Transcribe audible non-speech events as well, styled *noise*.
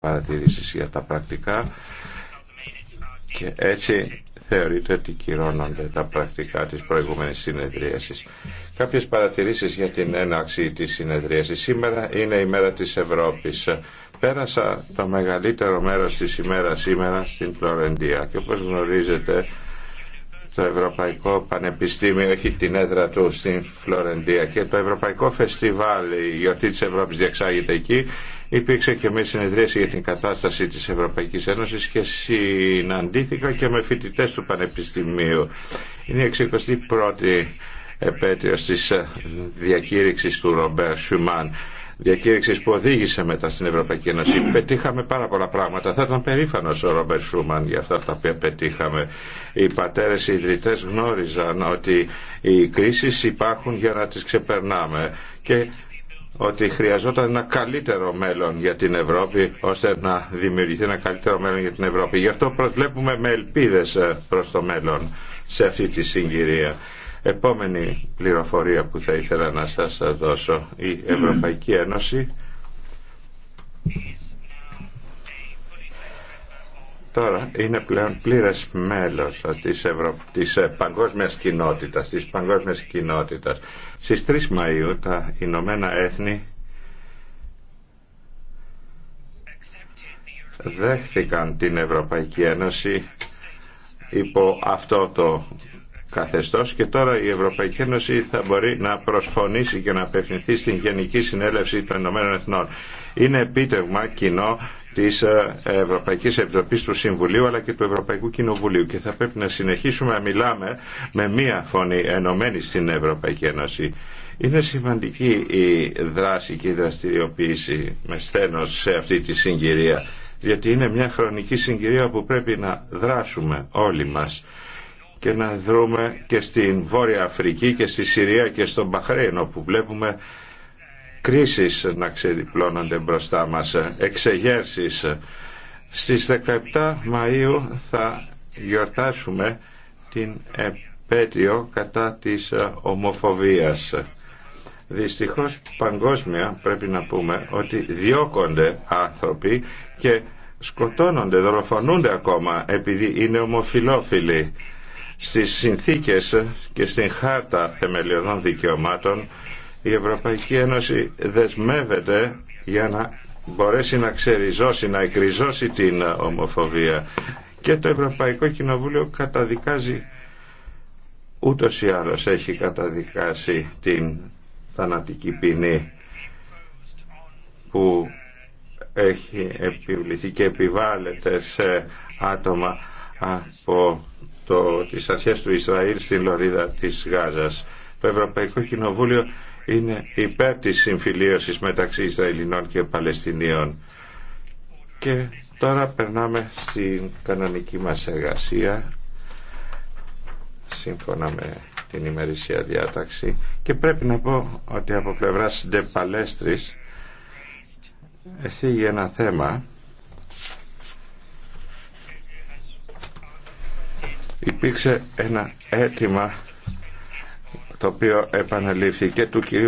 παρατηρήσεις για τα πρακτικά και έτσι θεωρείται ότι κυρώνονται τα πρακτικά της προηγούμενης συνεδρίασης. Κάποιες παρατηρήσεις για την έναξη της συνεδρίασης. Σήμερα είναι η μέρα της Ευρώπης. Πέρασα το μεγαλύτερο μέρος της ημέρας σήμερα στην Φλωρεντία και όπως γνωρίζετε το Ευρωπαϊκό Πανεπιστήμιο έχει την έδρα του στην Φλωρεντία και το Ευρωπαϊκό Φεστιβάλ η Γιορτή της Ευρώπης διεξάγεται εκεί Υπήρξε και μια συνεδρίαση για την κατάσταση της Ευρωπαϊκής Ένωσης και συναντήθηκα και με φοιτητές του Πανεπιστημίου. Είναι η 61η επέτειος της ε, διακήρυξης του Ρομπέρ Σουμάν διακήρυξη που οδήγησε μετά στην Ευρωπαϊκή Ένωση. *clears throat* Πετύχαμε πάρα πολλά πράγματα. Θα ήταν περήφανο ο Ρόμπερ Σούμαν για αυτά τα οποία πετύχαμε. Οι πατέρε οι ιδρυτέ γνώριζαν ότι οι κρίσει υπάρχουν για να τι ξεπερνάμε. Και ότι χρειαζόταν ένα καλύτερο μέλλον για την Ευρώπη, ώστε να δημιουργηθεί ένα καλύτερο μέλλον για την Ευρώπη. Γι' αυτό προσβλέπουμε με ελπίδες ε, προς το μέλλον σε αυτή τη συγκυρία. Επόμενη πληροφορία που θα ήθελα να σας δώσω. Η Ευρωπαϊκή Ένωση τώρα είναι πλέον πλήρες μέλος της, Ευρω... της ε, παγκόσμιας κοινότητας, της παγκόσμιας κοινότητας. Στις 3 Μαΐου τα Ηνωμένα Έθνη δέχθηκαν την Ευρωπαϊκή Ένωση υπό αυτό το καθεστώς και τώρα η Ευρωπαϊκή Ένωση θα μπορεί να προσφωνήσει και να απευθυνθεί στην Γενική Συνέλευση των Ηνωμένων Εθνών. Είναι επίτευγμα κοινό της ε, Ευρωπαϊκής Επιτροπής του Συμβουλίου αλλά και του Ευρωπαϊκού Κοινοβουλίου και θα πρέπει να συνεχίσουμε να μιλάμε με μία φωνή ενωμένη στην Ευρωπαϊκή Ένωση. Είναι σημαντική η δράση και η δραστηριοποίηση με στένος σε αυτή τη συγκυρία γιατί είναι μια χρονική συγκυρία που πρέπει να δράσουμε όλοι μας και να δρούμε και στην Βόρεια Αφρική και στη Συρία και στον παχρένο όπου βλέπουμε κρίσεις να ξεδιπλώνονται μπροστά μας, ε, εξεγέρσεις. Στις 17 Μαΐου θα γιορτάσουμε την επέτειο κατά της ε, ομοφοβίας. Δυστυχώς παγκόσμια πρέπει να πούμε ότι διώκονται άνθρωποι και σκοτώνονται, δολοφονούνται ακόμα επειδή είναι ομοφιλόφιλοι. Στις συνθήκες και στην χάρτα θεμελιωδών δικαιωμάτων η Ευρωπαϊκή Ένωση δεσμεύεται για να μπορέσει να ξεριζώσει, να εκριζώσει την ομοφοβία. Και το Ευρωπαϊκό Κοινοβούλιο καταδικάζει, ούτως ή άλλως έχει καταδικάσει την θανατική ποινή που έχει επιβληθεί και επιβάλλεται σε άτομα από το, τις αρχές του Ισραήλ στην Λωρίδα της Γάζας. Το Ευρωπαϊκό Κοινοβούλιο είναι υπέρ της συμφιλίωσης μεταξύ Ισραηλινών και Παλαιστινίων. Και τώρα περνάμε στην κανονική μας εργασία σύμφωνα με την ημερησία διάταξη και πρέπει να πω ότι από πλευρά Ντε Παλέστρης εθίγει ένα θέμα υπήρξε ένα αίτημα το οποίο επαναληφθήκε του κ.